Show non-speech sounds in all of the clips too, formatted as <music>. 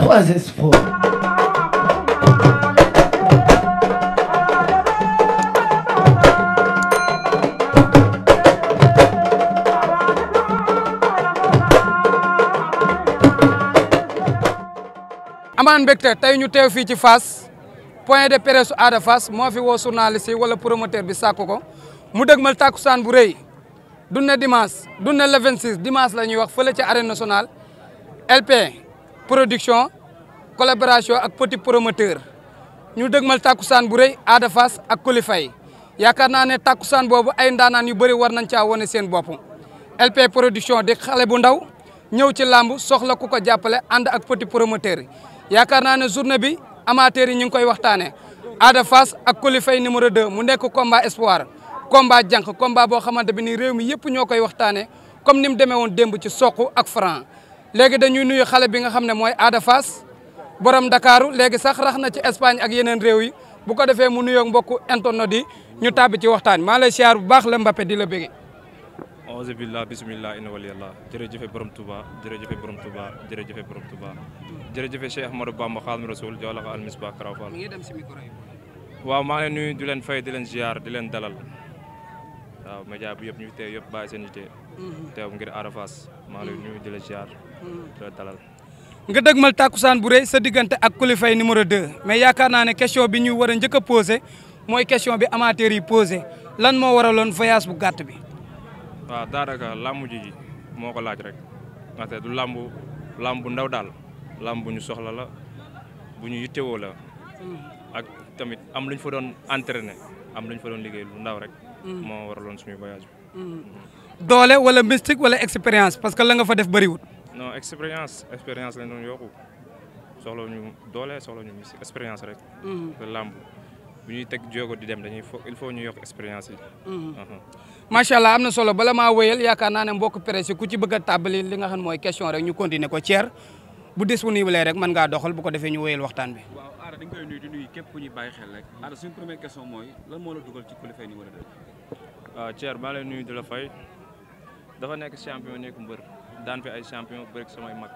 3 amaan mbégte tey ñu teew fii ci Fass point de presse Ada Fass moo fi woo journaliste yi wala promoteur bi sàkk ko mu dëgmal tàkkusaan bu rëy du ne dimanche du la le 26 dimanche la ñuy wax fële ci arène nationale LP production collaboration ak petit promoteur ñu dëgmal saan bu rey Ada Fass ak Coly Faye yaakaar naa ne saan boobu ay ndaanaan yu bëri war nañ caa wane seen bopp LP production di xale bu ndaw ñëw ci làmb soxla ku ko jàppale ànd ak petit promoteur yi yaakaar naa ne journée bi amateurs yi ñu ngi koy waxtaanee Ada fas ak Coly Faye numéro 2 mu nekk combat espoir combat jànq combat boo xamante bi ni réew mi yëpp ñoo koy waxtaane comme ni mu demee woon démb ci soq ak franc léegi dañuy nuyu xale bi nga xam ne mooy Ada Fass borom Dakaaru léegi sax rax na ci Espagne ak yeneen réew yi bu ko defee mu nuyoog mbokku internet yi ñu tàbbi ci waxtaan maa lay siyaar bu baax la Mbappé di la bëgge auzu billah bismillah inna waliyallah jërëjëfe borom Touba jërëjëfe borom Touba jërëjëfe borom Touba jërëjëfe Cheikh Ahmadou Bamba Xaadimu Rasuul joolaxa almisbah karawfal waaw maa ngi leen nuyu di leen fay di leen ziar di leen dalal waaw média bi yëpp ñu fi teew yëpp bàyyi seen yite. Mhm. teew ngir Ada Fass. maa ngi lay mhm. nuyu di la ziar. Mhm. di la dalal. nga dëgmal tàkkusaan bu rëy sa diggante ak Kulifay numéro 2 mais yaakaar naa ne question bi ñu war a njëkk a mooy question bi amateur yi posé lan moo waraloon voyage bu gàtt bi. waaw daanaka làmb ji moo ko laaj rek ndaxte du làmb làmb bu ndaw daal làmb bu ñu soxla la bu ñu yittewoo la. ak tamit am lu ñu fa doon entraîné am lu ñu fa doon liggéey lu ndaw rek. Mm. moo war waraloon suñu voyage bi. Mm. Mm. doole wala mystique wala expérience parce que la nga fa def bëriwul. non expérience expérience lañ doon yokku soxla ñu doole soxla ñu mystique expérience rek. te làmb bu ñuy teg jéego di dem dañuy il faut ñu yokk expérience yi. Uh-huh. macha allah am na solo bala maa wéyal yaakaar naa ne mbokk presse ku ci bëgg a tàbbali li nga xam mooy question rek ñu continuer ko Thier bu disponible rek mën ngaa doxal bu ko defee ñu wéyal waxtaan bi. dañ koy nuyu di nuyu képp ku ñuy bàyyi xel rek. Ada suñu première question mooy lan moo la dugal ci Coly Faye numéro 2. waaw Thierno maa lay nuyu di la fay dafa nekk champion nekk mbër daan ay champion bëri samay mag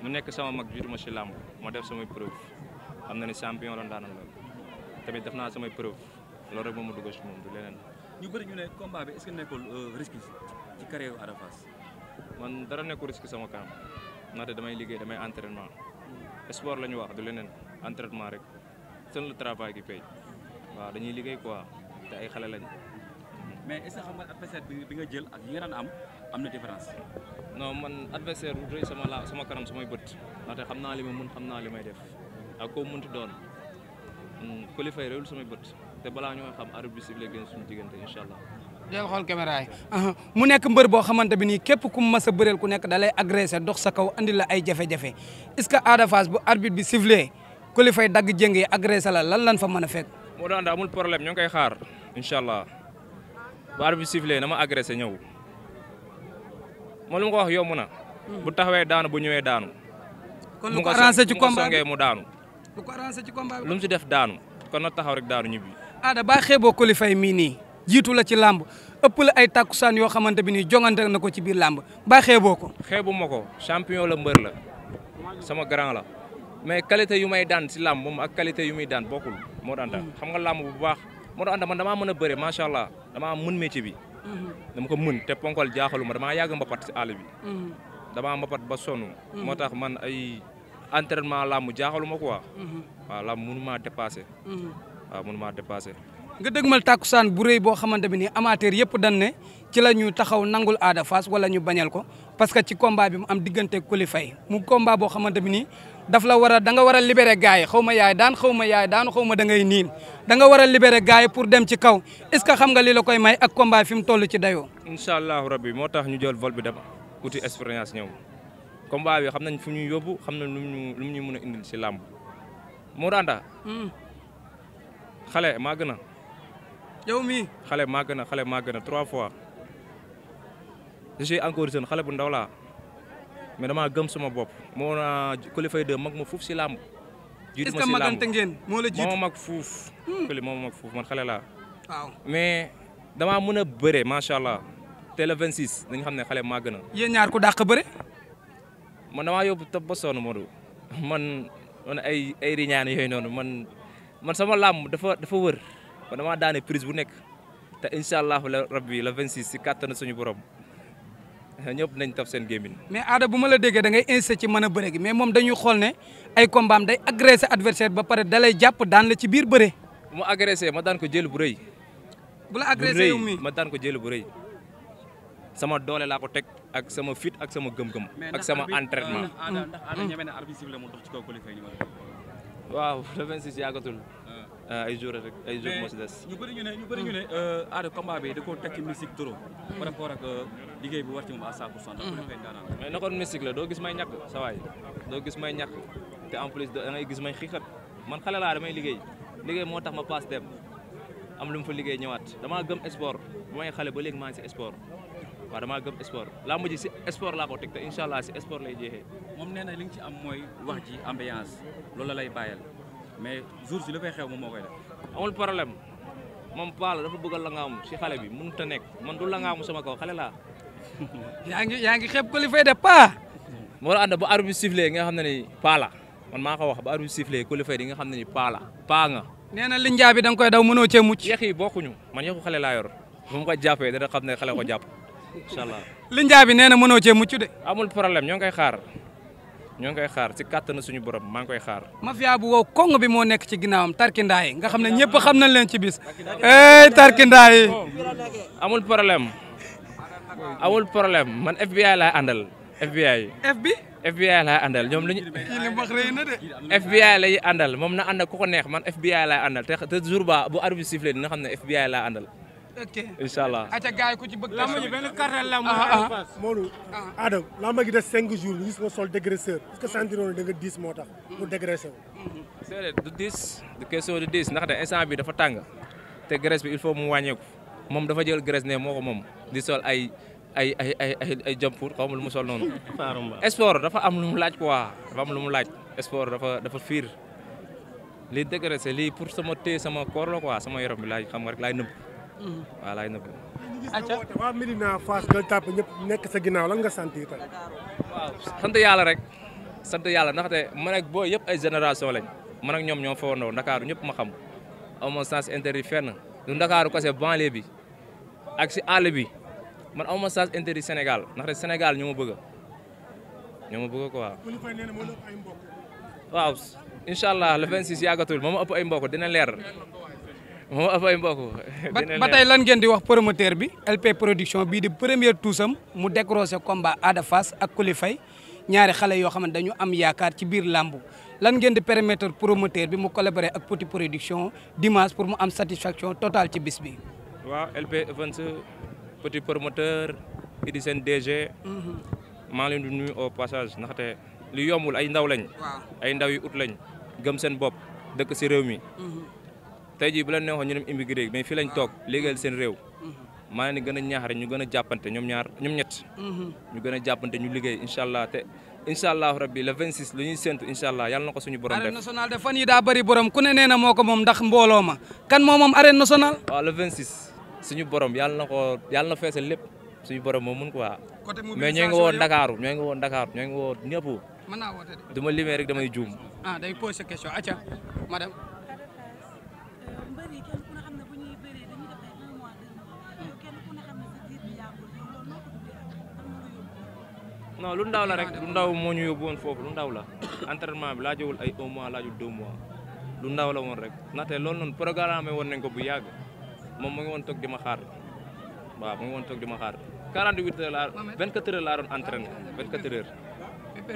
mu nekk sama mag jiitu ma si làmb moo def samay preuve am na ne champion la daan lool def naa samay preuve loolu rek moo ma dugal si moom du leneen. ñu bëri ñu ne combat bi est-ce que nekkul euh, risque ci carrière Ada Fass man dara nekkul risque sama kanam ndaxte damay liggéey damay entraînement hmm. sport la ñu wax du leneen. entraînement rek seul le travail qui paye waaw dañuy liggéey quoi te ay xale lañ. mais est-ce xam nga adversaire bi nga jël ak yi am am na différence. non man adversaire bu rëy sama la sama kanam samay bët ndaxte xam naa li ma mun xam naa li may def ak koo munti doon Coly hmm, Faye réewul samay bët te balaa ñoo xam arbitre bi sifflé gën suñu diggante incha allah. del xool <laughs> mu nekk mbër boo xamante bi nii képp ku mas a bëreel ku nekk da lay agressé dox sa kaw andi la ay jafe-jafe est que Ada Fass bu arbitre ku dagg jëng yi agressé la lan lan fa mën a fekk. moo daan amul problème ñu ngi koy xaar incha allah bu arbitre bi sifflé na ma agressé ñëw man lu ma ko wax yomb na. Hmm. bu taxawee daanu bu ñëwee daanu. kon lu ko arrangé mu daanu. lu ci combat bi si def daanu kon na taxaw rek daanu ñibbi. ah da baa xeeboo ku mii nii jiitu la ci làmb ëpp la ay takkusaan yoo xamante bi nii jongante na ko ci biir làmb baa ko. xeebu ma ko champion la mbër la sama grand la. mais qualité yu may daan si làmb moom ak qualité yu daan bokkul moo daan daal mm. xam nga làmb bu baax moo daan man damaa mën a bëre macha allah damaa mën métier bi. Mm-hmm. dama ko mën te ponkol jaaxaluma damaa yàgg mbapat si àll bi. Mm-hmm. damaa mbapat ba sonn. Mm-hmm. moo tax man ay entraînement làmb jaaxaluma quoi. ma làmb mënu maa dépassé. waaw mënu maa dépassé. nga dëgmal tàkkusaan bu rëy boo xamante bi nii amateur yëpp dañ ne ci la ñu taxaw nangul aada Fass wala ñu bañal ko parce que ci combat bi mu am diggante Coly Faye mu combat boo xamante bi nii daf la war a da war a libéré gars yi xaw ma yaay daan xaw ma yaay daan xaw ma da ngay niin danga war a libéré gars yi pour dem ci kaw est ce que xam nga li la koy may ak combat fi mu toll ci dayoo. incha allahu rabbi moo tax ñu jël vol bi dem uti expérience ñëw combat bi xam nañ fu ñuy yóbbu xam nañ lu ñu lu ñu mën a indil si làmb moo daan hmm. xale maa gën yow mi xale màgg na xale màgg na trois fois je suis encore jeune xale bu ndaw laa mais damaa gëm sama bopp moo naa Coly Faye 2 mag ma fuuf si làmb. jiitu ma si làmb est la jiitu moo ma mag fuuf. Hmm. Coly moo man xale laa. waaw mais damaa mën a bëre macha allah te le 26 dañu xam ne xale màgg na. yéen ñaar ku dàq bëre. man damaa yo tab ba sonn Modou man man ay ay riñaan yooyu noonu man man sama làmb dafa dafa wër. ba damaa daane prise bu nekk te incha allahu rabbi la 26 si kàttanu suñu borom eh, ñëpp nañ taf seen gémmiñ mais aada bu ma la déggee da ngay insisté ci mën a bëre gi mais moom dañuy xool ne ay kombaam day agressé adversaire ba pare dalay jàpp daan la ci biir bëre. bu ma agressé ma daan ko jël bu rëy. bu la yow mi ma daan ko jël bu rëy. sama doole laa ko teg ak sama fit ak sama gëm-gëm. ak sama entraînement. Euh, ndax aada mm. ñeme na arbitre bi la mu dox ci kaw waaw le 26 yàggatul. Euh, ay jours rek ay jours moo si des. ñu bëri ñu ne ñu bëri ñu ne euh, aada combat bi da koo tekki mystique trop. par rapport ak euh, liggéey bu war moom à 100 pour cent. Mm-hmm. mais nekkoon mystique la doo gis may ñàkk sa waay doo gis may ñàkk te en plus da gis may xiixat man xale laa damay liggéey liggéey moo tax ma paas dem am lu mu fa liggéey ñëwaat damaa gëm sport bu may xale ba léegi maa ngi si sport. waaw damaa gëm sport laa mujj si sport laa ko te incha allah si sport lay jeexee. moom nee na li nga ci am mooy wax ji ambiance loolu la lay bàyyal. mais jour si li fay xew moom moo koy def. amul problème moom Palla dafa bëgg a langaamu si xale bi mënut a nekk man du langaamu sama kaw xale laa. <laughs> yaa ngi yaa ngi xeeb ko li fay def pa moo la nga xam ne ni Palla man maa ko wax ba arbitre sifflé ku nga xam ne ni Palla paa nga. nee na li njaa bi da nga koy daw mënoo cee mucc. yéex yi bokkuñu man yéexu xale laa yor bu ma ko jàppee dana xam ne xale ko jàpp incha allah. li njaa bi nee na mënoo cee mucc amul problème ñoo ngi koy xaar. ñoo ngi koy xaar ci kàttanu suñu borom maa ngi koy xaar. mafia bu wow kong bi moo nekk ci ginnaawam tarkindaa yi nga xam ne ñëpp xam nañ leen ci bis. hey tarkindaa yi. amul problème man FBI la àndal FBI. FB. FBI laay àndal ñoom lu ñu. kii li wax rëy na de. FBI moom na ànd ku ko neex man FBI la àndal te jour ba bu arbitre sifflé xam ne FBI laay àndal. ok incha allah. ayca gars yi ku ci bëgg. lamb ji benn cartel lamb ah, Modou ah, ah. Adam lamb gi des cinq jours ñu gis nga sol dégraisseur est-ce que sentiroon da nga diis moo tax mu dégraissé wu. Mhm. déedéet du diis instant bi dafa tàng te graisse bi il faut mu wàññeeku moom dafa jël graisse ne moo ko moom di sol ay ay ay ay ay ay jëmpuur xaw lu mu sol noonu. <laughs> sport dafa am lu mu laaj quoi dafa lu mu laaj sport dafa dafa fiir li dégraissé lii pour sama te sama koor la quoi sama yaram bi laaj xam nga rek laay nëbb. waaw laay nëbbu. acca waa Medina Fass Gueule Tapée ñëpp nekk sa ginnaaw lan nga sant itam. waaw sant yàlla rek sant yàlla ndaxte man ak booy yëpp ay génération lañ man ak ñoom ñoo fa woon Ndakaaru ñëpp ma xam amoon sens interdit fenn du Ndakaaru kese banlieue bi ak si àll bi man amoon sens interdit Sénégal ndaxte Sénégal ñoo ma bëgg ñoo ma bëgg quoi. waaw incha allah le 26 ay mbokk dina leer. moo am ay mbokk. ba tey lan ngeen di wax promoteur bi LP production bii di première tuusam mu décroché combat Ada Fass ak Coly Faye ñaari xale yoo xam ne dañu am yaakaar ci biir làmb lan ngeen di permettre promoteur bi mu collaborer ak Petit production dimanche pour mu am satisfaction totale ci bis bi. waaw LP Events Petit promoteur Idi seen DG. Mhm. maa ngi leen di nuyu au passage ndaxte li yombul ay ndaw lañ. ay ndaw yu ut lañ gëm seen bopp dëkk si réew mi. Mhm. tey jii bu leen neexoon ñu dem immigré mais fii lañ maa ngi gën a ñaax rek ñu gën a jàppante ñoom ñaar ñoom ñett ñu gën a jàppante ñu liggéey incha allah te incha allah rabbi le 26 lu ñuy séntu incha allah yàlla na ko suñu borom def arène nationale de fan yi daa bëri borom ku ne nee na moo ko moom ndax mbooloo ma kan moo moom arène nationale waaw le 26 suñu borom yàlla na ko yàlla na feesal lépp suñu borom moo mun quoi mais ñoo ngi woo Ndakaaru ñoo ngi woo Ndakaaru ñoo ngi ma limee rek damay juum ah day posé question aca non lu ndaw la rek lu ndaw moo ñu yóbbu woon foofu lu ndaw la entraînement bi laajowul ay un mois laajul deux mois lu ndaw la woon rek ndaxte loolu noonu programme woon nañ ko bu yàgg moom mu ngi woon toog di ma xaar waaw mu ngi woon toog di ma xaar 48 heures laa 24 heures laa doon entraîné 24 heures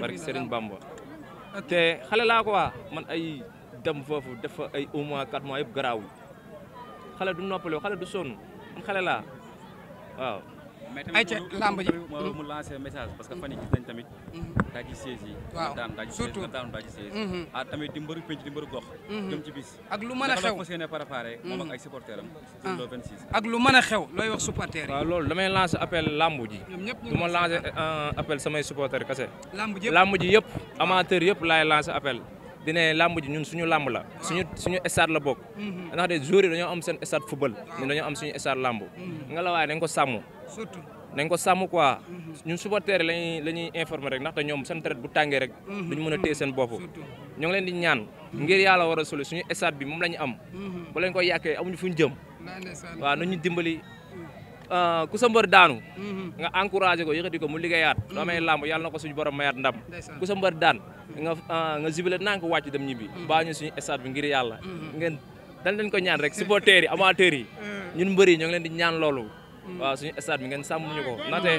barki Serigne Bamba te xale laa ko waa man ay dem foofu def fa ay un mois quatre mois yëpp garaawul xale du noppaloo xale du sonn man xale laa waaw ay ca làmb ji mu lancer que fan yi gis nañ tamit mhm. daa ci siège yi waaw daan daa ci siège nga daanu daa ci siège mhm. ah tamit di mbëru penc di mbëru gox mhm. ah. ak lu mën a xew fas a looy wax supporter damay lancer appel làmb ji du ma lancer appel samay supporter kese làmb ji làmb ah. amateur yëpp laay lancer appel dine làmb ji ñun suñu làmb la ah. suñu suñu stade la bokk ndax de joueurs yi am seen stade football ñun dañoo am suñu stade làmb nga la waaye dañ ko surtout ko sàmm quoi. ñun supporters yi lañuy la ñuy informer rek ndaxte ñoom seen traite bu tàngee rek. duñ mën a téye seen bopp. ñu ngi leen di ñaan. ngir yàlla war a soli suñu bi moom la ñu am. Mhm. bu leen ko yàqee amuñu fuñ jëm. waaw nañu dimbali. Euh, ku sa mbër daanu. Mhm. nga encouragé ko yëkkati ko mu liggéeyaat. lu amee mhm. làmb yàlla na ko suñu borom mayaat ndam. ku sa mbër daan nga euh, nga jubile naa ko wàcc dem ñibbi. baa ñu suñu stade bi ngir yàlla. ngeen dañ ko ñaan rek supporters yi amateurs yi. Euh. ñun mbër Mm-hmm. waaw suñu stade bi ngeen sàmm ñu ko mm-hmm. ndaxte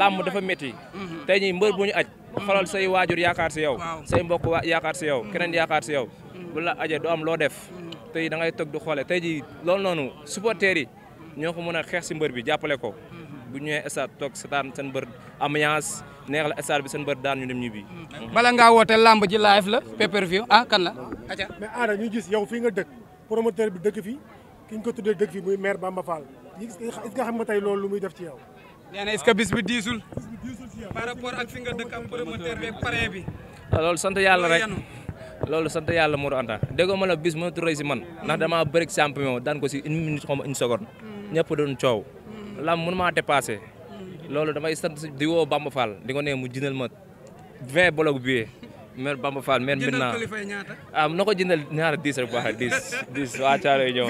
làmb dafa métti mm-hmm. tey ñi mbër bu ñu aj xoolal say waajur yaakaar si yow say mbokk yaakaar si yow keneen yaakaar si yow bu la ajee du am loo def tey da ngay toog du xoole tey ji loolu noonu supporters yi ñoo ko mën a xeex si mbër bi jàppale ko bu ñëwee stade toog setaan seen mbër ambiance neex la stade bi seen mbër daan ñu dem ñibbi. bala ngaa woote làmb ji live la pay-per-view ah kan la. mais aada ñu gis yow fii nga dëkk promoteur bi dëkk fii ki ñu ko tuddee dëkk fii muy maire Bamba Fall. est xam nga tey loolu lu muy def ci yow. bi diisul. bis bi diisul ci yow par rapport ak ah, loolu sant yàlla rek loolu sant yàlla Modou Anta déggoo ma la bis mënatu rëy si man. damaa bëri champion daan ko une minute xaw une seconde. Hmm. ñëpp doon coow. Hmm. lam mënu maa dépassé. Hmm. loolu damay sant di woo Bamba Fall di ko ne mu jëndal ma vin bloc billets. maire Bamba Fall maire Mbirna ah na ko jëndal ñaara diis rek baax diis diis waa Caaroy ñëw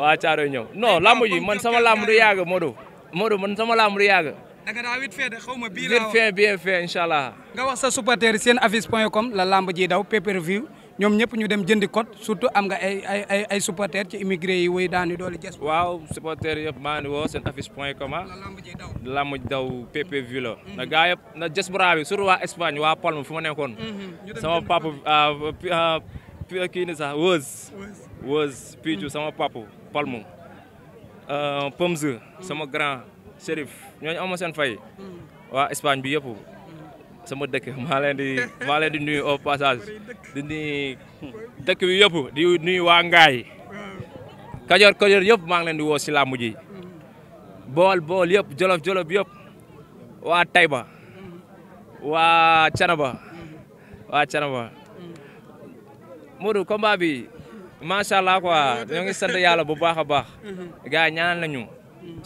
waa Caaroy ñëw non lamb ji man sama lamb du yàgg Modou Modou man sama lamb du yàgg danga daa vite fait de xaw ma bii laa wax vite fait bien fait incha allah. nga wax sa supporter seen avis point com la lamb ji daw pay per view ñoom ñëpp ñu dem jëndi code surtout am nga ay ay ay ci immigré yi way daani doole jes waaw supporters yëpp maani ngi woo seen affiche point com ah. lamb ji daw PPV la mhm. na gaa yëpp na jes bra bi surtout waa Espagne waa Palme fu ma nekkoon mhm, sama papa ah, ah, kii ni sax wëz wëz piicu mhm. sama papa Palme euh, Pomze sama grand Chérif ñooñ am seen fay waa Espagne bi yëpp sama dëkk maa leen di maa leen di nuyu au passage di nuyu dëkk bi di nuyu waa Ngaay Kajoor Kajoor yëpp maa ngi leen di woo si làmb ji bool bool yëpp jolof jolof yëpp waa Tayba waa Canaba waa Canaba Modou combat bi macha allah quoi ñoo ngi sant yàlla bu baax a baax gars yi ñaanal nañu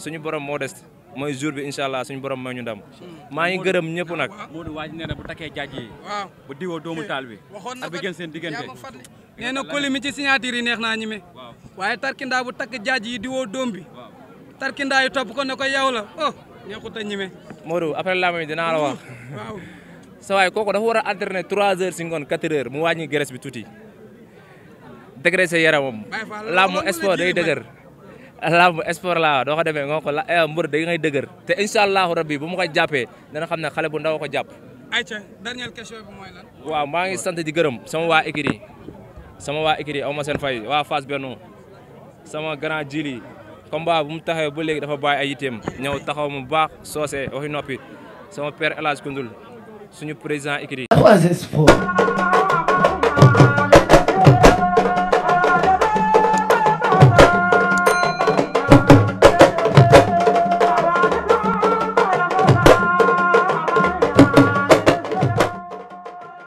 suñu borom moo des mooy jour bi incha allah suñu borom may ñu ndam. maa ngi gërëm ñëpp nag. Modou waaj nee bu takkee jaaj yi. waaw bu diwoo doomu taal bi. waxoon na ko seen diggante. nee na koli mi ci signature yi neex naa ñime. waaye tarkindaa bu takk jaaj yi diwoo doom bi. tarkindaa yi topp ko ne ko yow la oh neexut a ñime. Modou après laa may dinaa la wax. <laughs> waaw sa waay kooku dafa war a alterner 3 heures si ngoon 4 heures mu wàññi graisse bi tuuti. dégraissé yaramam. day dëgër. lamb sport laa doo ko demee nga ko la eh, mbër da ngay dëgër te incha allahu rabbi bu ma ko jàppee dana xam ne xale bu ndaw ko jàpp. ayca dernière question bi mooy waaw maa ngi sant di gërëm sama waa écurie sama waa écurie aw ma seen fay waa Fass Benno sama grand jili combat bu mu taxawee ba léegi dafa ba ay yiteem ñëw taxaw mu baax soose waxi noppi sama père El Hadj Koundoul suñu président